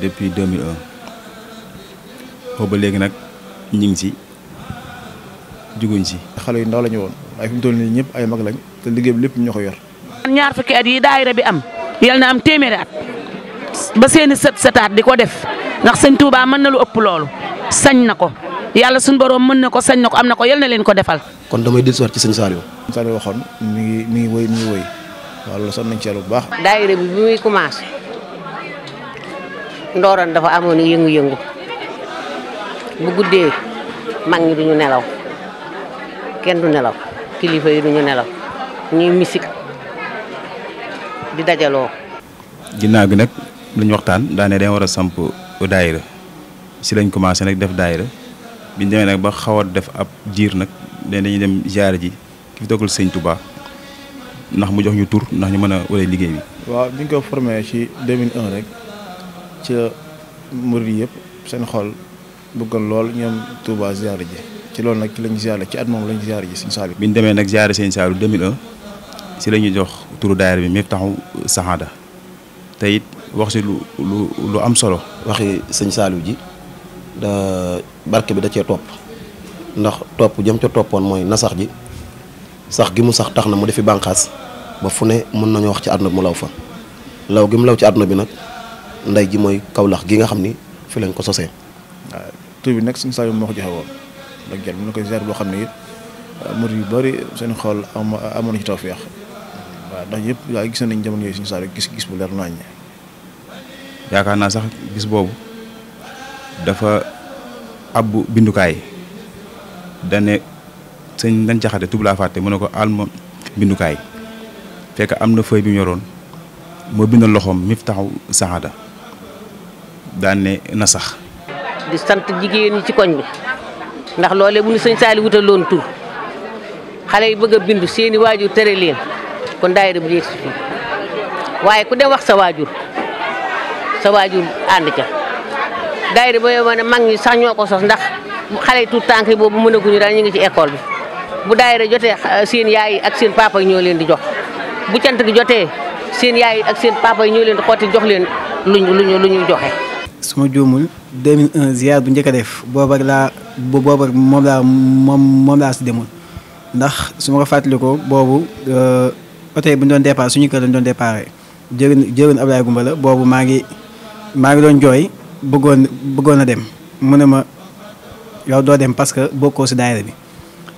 depuis 2001 boobu ba léegi nag ñu ngi ci juguñ ci. xale yu ndaw la ñu woon waaye fi mu nii ñëpp ay mag lañ te liggéey bi lépp ñoo ko yor. ñaar fukki at yi daayira bi am yal na am téeméeri at ba seeni sët sëtaat di ko def ndax sëñ Touba mën na lu ëpp loolu sañ na ko. yàlla suñu borom mën na ko sañ na ko am na ko yal na leen ko defal. kon damay dellusiwaat ci sëñ Saliou. Saliou waxoon mi ngi mi woy mi ngi woy waaw loolu sonn nañ ci yàlla bu baax. daayira bi bi muy commencé Ndorane dafa amoon yëngu-yëngu bu guddee mag ñi duñu nelaw kenn du nelaw kilifa yi duñu nelaw ñuy misik di dajaloo. ginnaaw gi nag lu ñu waxtaan daane dañ war a samp daayira si lañ commencé nag def daayira biñ demee nag ba xaw a def ab diir nag léegi dañuy dem ziare ji ki fi toogul sëñ tubaa ndax mu jox ñu tur ndax ñu mën a wala liggéey bi. waaw bi ñu ko formé ci 2001 rek ci murid yëpp seen xol bëggoon lool ñoom Touba ziare ji ci loolu nag ci lañ ziare ci at moom lañ ziare ji sëñ Saliou. bi ñu demee nag ziare sëñ Saliou 2001 si la ñuy jox turu daayira bi mépp taxu saxaada te it wax si lu lu lu am solo. waxi sëñ Saliou ji. da barke bi da cee topp ndax topp jëm ca toppoon mooy nasax ji sax gi mu sax tax na mu defi bànqaas ba fu ne mën nañu wax ci àdduna bi mu law fa law gi mu law ci àdduna bi nag ndey ji mooy kawlax gi nga xam ni fi lañ ko sosee waaw tur bi nag suñu saa yu moo ko joxe woon dag jël mu ne koy ziar boo xam ne it murid yu bëri seen xool amoon ci tawfeex waaw ndax yëpp yaa gis nañ jamono yooyu suñu saa gis-gis bu leer nañ yaakaar naa sax gis boobu dafa abbu bindukaay dane sëñ dañ jaxate tub laa fàtte mu ne ko alma bindukaay fekk am na fëy bi mu yoroon moo binda loxoom Miftahoul taxaw daan ne na sax di sant jigéen ci koñ bi ndax loole bu ñu sëñ saali wutaloon tur xale yi bëgg a bindu seeni waajur tere leen kon daayira bu yegg si fii waaye ku dem wax sa waajur sa waajur ànd ca daayira boo yeboo ne mag ñi sax ñoo ko sos ndax xale yi tuut tànk yi boobu mënaguñu daal ñu ngi ci école bi bu daayira jotee euh, seen yaay ak seen paapa yi ñëw leen di jox bu cant gi jotee seen yaay ak seen papa yi ñoo leen di xotti jox leen luñ luñu lu ñu joxe. su ma juumul 2001 ziar bu njëkk a def booba laa booba moom laa moom moom laa si demul ndax su ma ko fàttalikoo boobu euh, oto yi bu ñu doon su ñu kër lañ doon déparé jërë jërë Ablaye Gumba la boobu maa ngi maa ngi doon jooy. bëggoon bëggoon a dem mu ne ma yow doo dem parce que bokkoo si daayira bi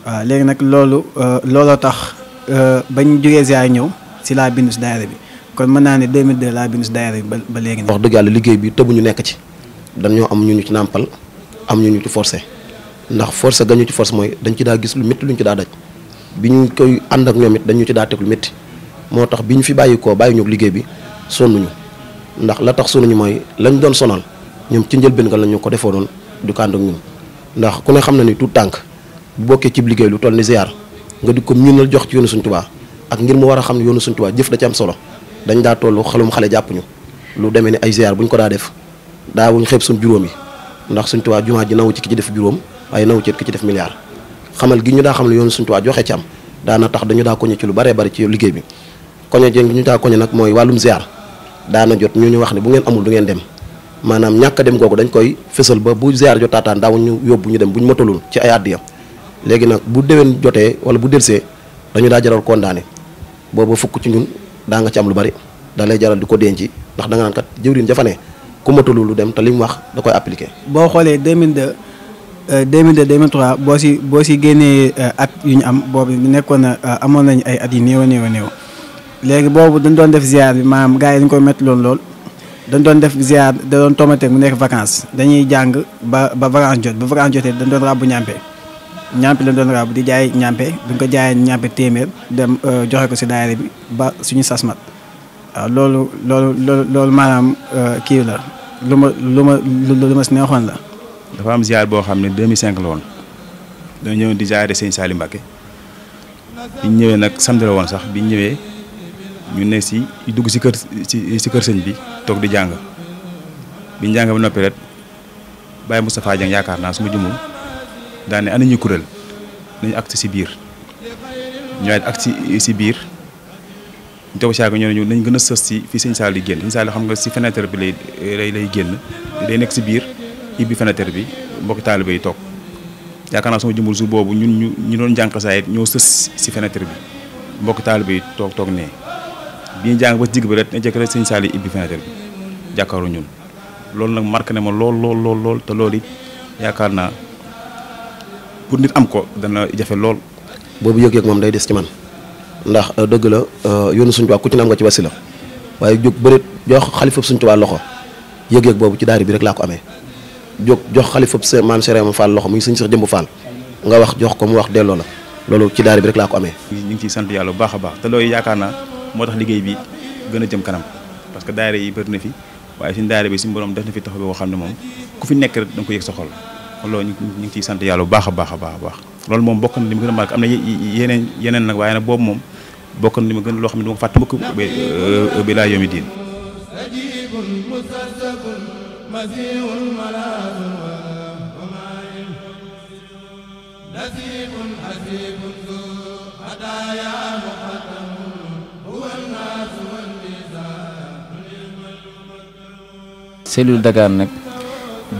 waaw léegi nag loolu euh, looloo tax euh, bañ jugee jógee ziar ñëw si laa bindu si daayira bi kon mën naa ne 2002 laa bindu si daayira bi ba ba léegi. wax dëgg yàlla liggéey bi tëbu ñu nekk ci dañoo am ñu ñu ci nàmpal am ñu ñu ci forcé ndax forcé ga ñu ci force mooy dañ ci daa gis lu métti lu ñu ci daa daj bi ñu koy ànd ak ñoom dañu ci daa teg lu métti moo tax bi ñu fi bàyyi koo bàyyi ñu liggéey bi ñu ndax la tax ñu mooy lañ doon sonal. ñoom ci njëlbeen nga la ñu ko defoonoon du ko ànd ak ñun ndax ku ne xam na ni tut tànk bu bokkee cib liggéey lu toll ni ziar nga di ko ñunal jox ci yoonu Sëñ Tuubaa ak ngir mu war a xam ne yoonu Sëñ Tuubaa jëf ci am solo dañ daa toll xelum xale jàpp ñu lu demee ni ay ziar bu ñu ko daa def daawuñ xeeb suñ juróom yi ndax Sëñ Tuubaa ji nawu ki ci def juróom waaye nawu ci ci def milliard xamal gi ñu daa xam ne yoonu Sëñ Tuubaa joxe ci am daana tax dañu daa koñe ci lu baree bari ci liggéey bi koñe ji ñu daa koñe nag mooy wàllum ziar daana jot ñu ñu wax ne bu ngeen amul du ngeen dem maanaam ñàkk a dem googu dañ koy fësal ba bu ziar jo taataan daawu ñu yóbbu ñu dem bu ñu matalul ci ay àddiya léegi nag bu déwén jotee wala bu delsee dañu daa jaral kondaane booba fukk ci ñun daa nga ci am lu bari daa lay jaral di ko denc ndax da nga naan kat ku matalul lu dem te li mu wax da koy appliqué. boo xoolee 2002 2002 2003 boo si boo si génnee euh, at yu ñu am boobu nekkoon na euh, amoon nañu ay at yi néew a néew a néew léegi boobu dañ doon def ziar bi maanaam gars yi dañu koy métti lool. dañu doon def ziar da doon tomateeg mu nekk vacance dañuy jàng ba ba vacance jot ba vacance jotee dañ doon ràbbu ñàmpe ñàmpe lañ doon ràbbu di jaay ñàmpe du ko jaayee ñàmpe téeméer dem euh, joxe ko si daayira bi ba suñu sas mat loolu loolu loolu loolu maanaam euh, kii la lu ma lu ma lu ma si neexoon la. dafa am ziar boo xam ne 2005 la woon doo ñëw di ziare Sëñ Saali Mbacke bi ñëwee nag samedi sax bi ñëwee. ñu nekk si dugg si kër si si kër sëñ bi toog di jàng bi ñu jàng ba noppi rek Baye yaakaar naa su ma jumul daane ana ñuy kuréel nañu agsi si biir ñëwaat agsi si biir ñu ñoo ñu nañ gën a sës si fii sëñ Saliou di génn xam nga si fenêtre bi lay lay lay génn day nekk si biir ibbi fenêtre bi mbokki taalibe yi toog yaakaar naa su ma su boobu ñun ñu ñu doon jànq saa it ñoo sës si fenêtre bi mbokk taalibe yi toog toog nee. bi ñu jàng ba digg bi rek ne jëkk rek sëñ Saliou ibbi fenêtre bi jàkkaaru ñun loolu nag mark ne ma lool lool lool te loolu yaakaar naa pour am ko dana jafe lool. boobu yëg moom day des ci man ndax euh, dëgg la euh, yoonu suñu Tuubaa ku ci ne am nga ci waaye jóg bëreet jox xalifa suñu Tuubaa loxo yëg-yëg boobu ci daari bi rek laa ko amee jóg jox xalifa maam Serigne Fall loxo muy sëñ Cheikh Jëmb Fall nga wax jox ko mu wax delloo la loolu ci daari bi rek laa ko amee. ñu ngi ciy sant yàlla bu baax a baax te loolu yaakaar naa moo tax liggéey bi gën a jëm kanam parce que daayira yi bëri na fi waaye suñu daayira bi suñu borom def na fi taxaw boo xam ne moom ku fi nekk rek da ko yëg sa xol loolu ñu ciy sant yàlla bu baax a baax baax a baax bokk na li ma gën a marqué yeneen yeneen nag waaye nag boobu li ma gën loo xam ne du ma fàtte mukk bi euh, euh, laa cellule Dakar nag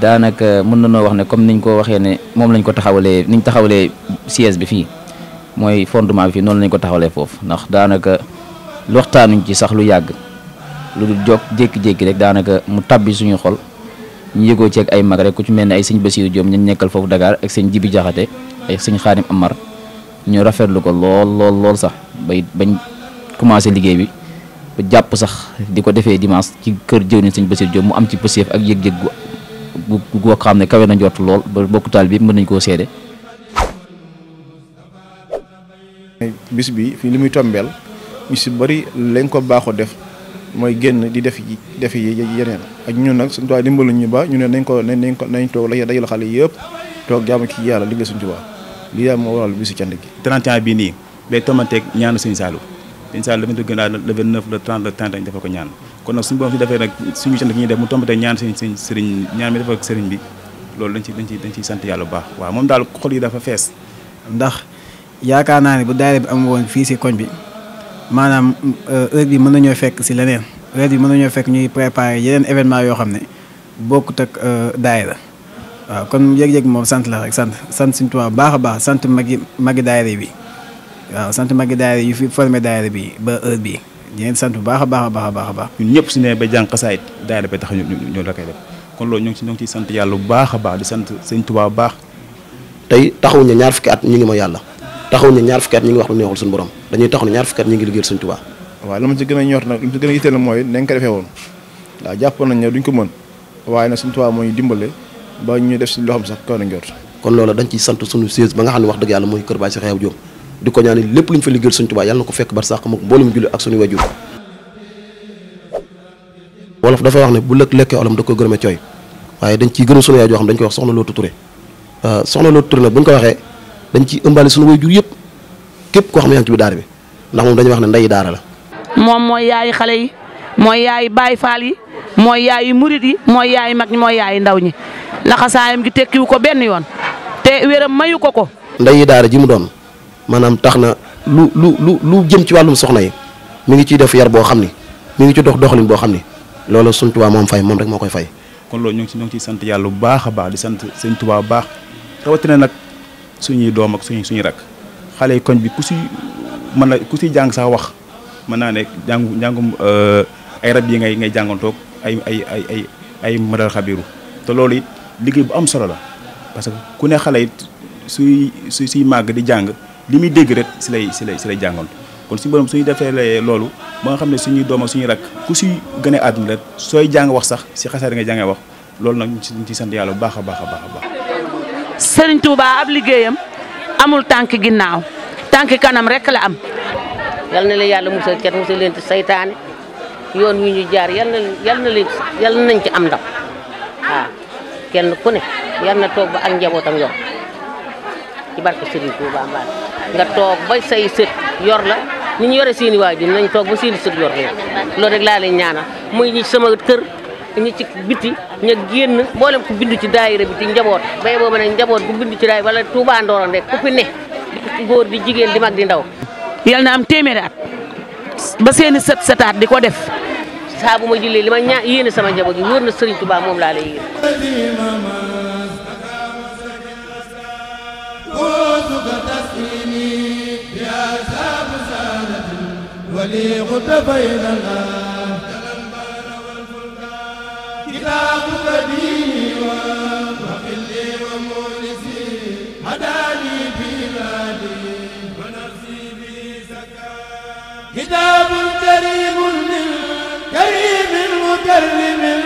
daanaka mën nañoo wax ne comme niñ ko waxee ne moom lañ ko taxawalee niñ taxawalee siège bi fii mooy fondement bi fii noonu lañ ko taxawalee foofu ndax daanaka waxtaanuñ ci sax lu yàgg lu dul jokk jékki-jékki rek daanaka mu tabbi suñu xol ñu yëgoo ci ak ay mag rek ku ci mel ni ay sëñ Basiiru Joom ñu nekkal foofu Dakar ak sëñ Jibi Jaxate ak sëñ Xaadim Amar ñu rafetlu ko lool lool sax bay bañ commencé liggéey bi ba jàpp sax di ko defee dimanche ci kër jëw ni sëñ Bassirou Diop mu am ci pëseef ak yëg-yëg gu goo xam ne kawe na njort lool ba mbokku taal bi mën nañ koo seede bis bi fii li muy tombeel ñu si bëri lañ ko baaxoo def mooy génn di def yi def yi yeneen ak ñu nag suñ tubaab dimbaluñ ñu ba ñu ne nañ ko nañ ko nañ toog la dajal xale yëpp toog jaamu ci yàlla liggéey suñu tubaab lii daal moo waral bisu cant gi. 31 bii nii day tomanteeg ñaanu suñu saalu incha allah le 22 gannaaw le 29 le 30 le 31 defal ko ñaan kon nag suñu borom si defee nag suñu cant gi def mu tombate ñaan sëriñ sëriñ sëriñ ñaan mi defal ko sëriñ bi loolu dañ ci sant yàlla bu baax waa moom daal xol yi dafa fees ndax yaakaar naa ne bu daayira bi am woon fii si koñ bi maanaam euh, heure bi mën nañoo fekk si leneen heure bi mën nañoo fekk ñuy préparé yeneen événement yoo xam ne bokkut ak euh, daayira waaw kon yëg-yëg moom sant la rek sant sant suñu tubaab baax a baax sant magi magi daayira bi waaw sant magi daayira yu fi formé daayira bi ba heure bi di sant bu baax a baax a baax baax. ñëpp su ne ba jàng xasaayit kon loolu ñu ngi ci sant yàlla bu baax a baax di sant sëñ Tuubaa bu baax. tey ñaar fukki at ñu ngi ma yàlla taxaw ñu ñaar fukki at ñu ngi wax lu ñaar fukki ngi liggéeyal a ñor nag li ma ci gën a moo ñu dimbale ba ñu def si loo xam sax kaw na njort kon loolu dañ ciy sant suñu siège ba nga xam ne wax dëgg yàlla mooy kër Baye Cheikh Diop di ko ñaanal lépp lu ñu fa liggéeyal suñ Tuubaa yàlla na ko fekk bar sàq mook mboolum julli ak suñu wajur wolof dafa wax ne bu lëkk lekkee olam da koy gërëme cooy waaye dañ ciy gërëm suñu yaay joo dañ koy wax soxna Lootu Ture euh, soxna Lootu Ture nag bu ñu waxee dañ ciy ëmbaale suñu wajur yëpp képp koo xam ne yaa bi daara bi ndax moom dañuy wax ne ndeyi daara la moom mooy yaayi xale yi mooy yaayi baay faal yi mooy yaayi murit yi mooy yaayi mag ñi mooy yaayi ndaw ñi laxasaayam gi tekkiwu ko benn yoon te wéram mayu ko ko ndeyi daara ji mu doon maanaam tax na lu lu lu lu jëm ci wàllum soxna yi mu ngi ciy def yar boo xam ni mu ngi ci dox doxalin boo xam ni loolu suñ tubaa moom fay moom rek moo koy fay. kon loolu ñu ngi ci ñu ngi ciy sant yàlla bu baax a baax di sant sëñ tubaa bu baax rawatina nag suñuy doom ak suñuy suñuy rak xale yi koñ bi ku si mën na ku si jàng sax wax mën naa ne jàngu jàngum euh, ay rab yi ngay ngay jàngantoog ay ay ay ay ay madal xabiru te loolu it liggéey bu am solo la parce que ku ne xale it suy suy màgg di jàng. li muy dégg rek si lay si lay si lay jàngoon kon suñu borom suñu defee loolu ba nga xam ne suñuy dooma suñu rakk ku si gën a àdduna rek sooy jàng wax sax si xasaar nga jàngee wax loolu nag ñu ci sant yàlla bu baax a a baax a baax. Serigne Touba ab liggéeyam amul tànk ginnaaw tànk kanam rek la am. yal na leen yàlla musal cat musal leen ci saytaane yoon wi ñu jaar yal na yal na leen yal nañ ci am ndam kenn ku ne yal na toog ba ak njabootam yow ci barke Serigne Touba Mbacke. nga toog ba say sët yor la ni ñu yore seeni waajur nañ toog ba seeni sët yor leen loolu rek laa ñaana ñaanal ñi sama kër ñi ci biti ña génn mboolem ku bindu ci daayira bi ci njaboot bay boobu nag njaboot bu bindu ci daay wala Touba Ndorong rek ku fi ne góor di jigéen di mag di ndaw yal na am téeméeri at ba seeni sët sëtaat di ko def saa bu ma jullee li ma ñaa yéene sama njaboot yi wóor na Serigne Touba moom laa lay ولي غد بيننا كتابك ديني وخلي ومونسي هداني بلادي ونفسي بزكاة كتاب كريم للكريم المكرم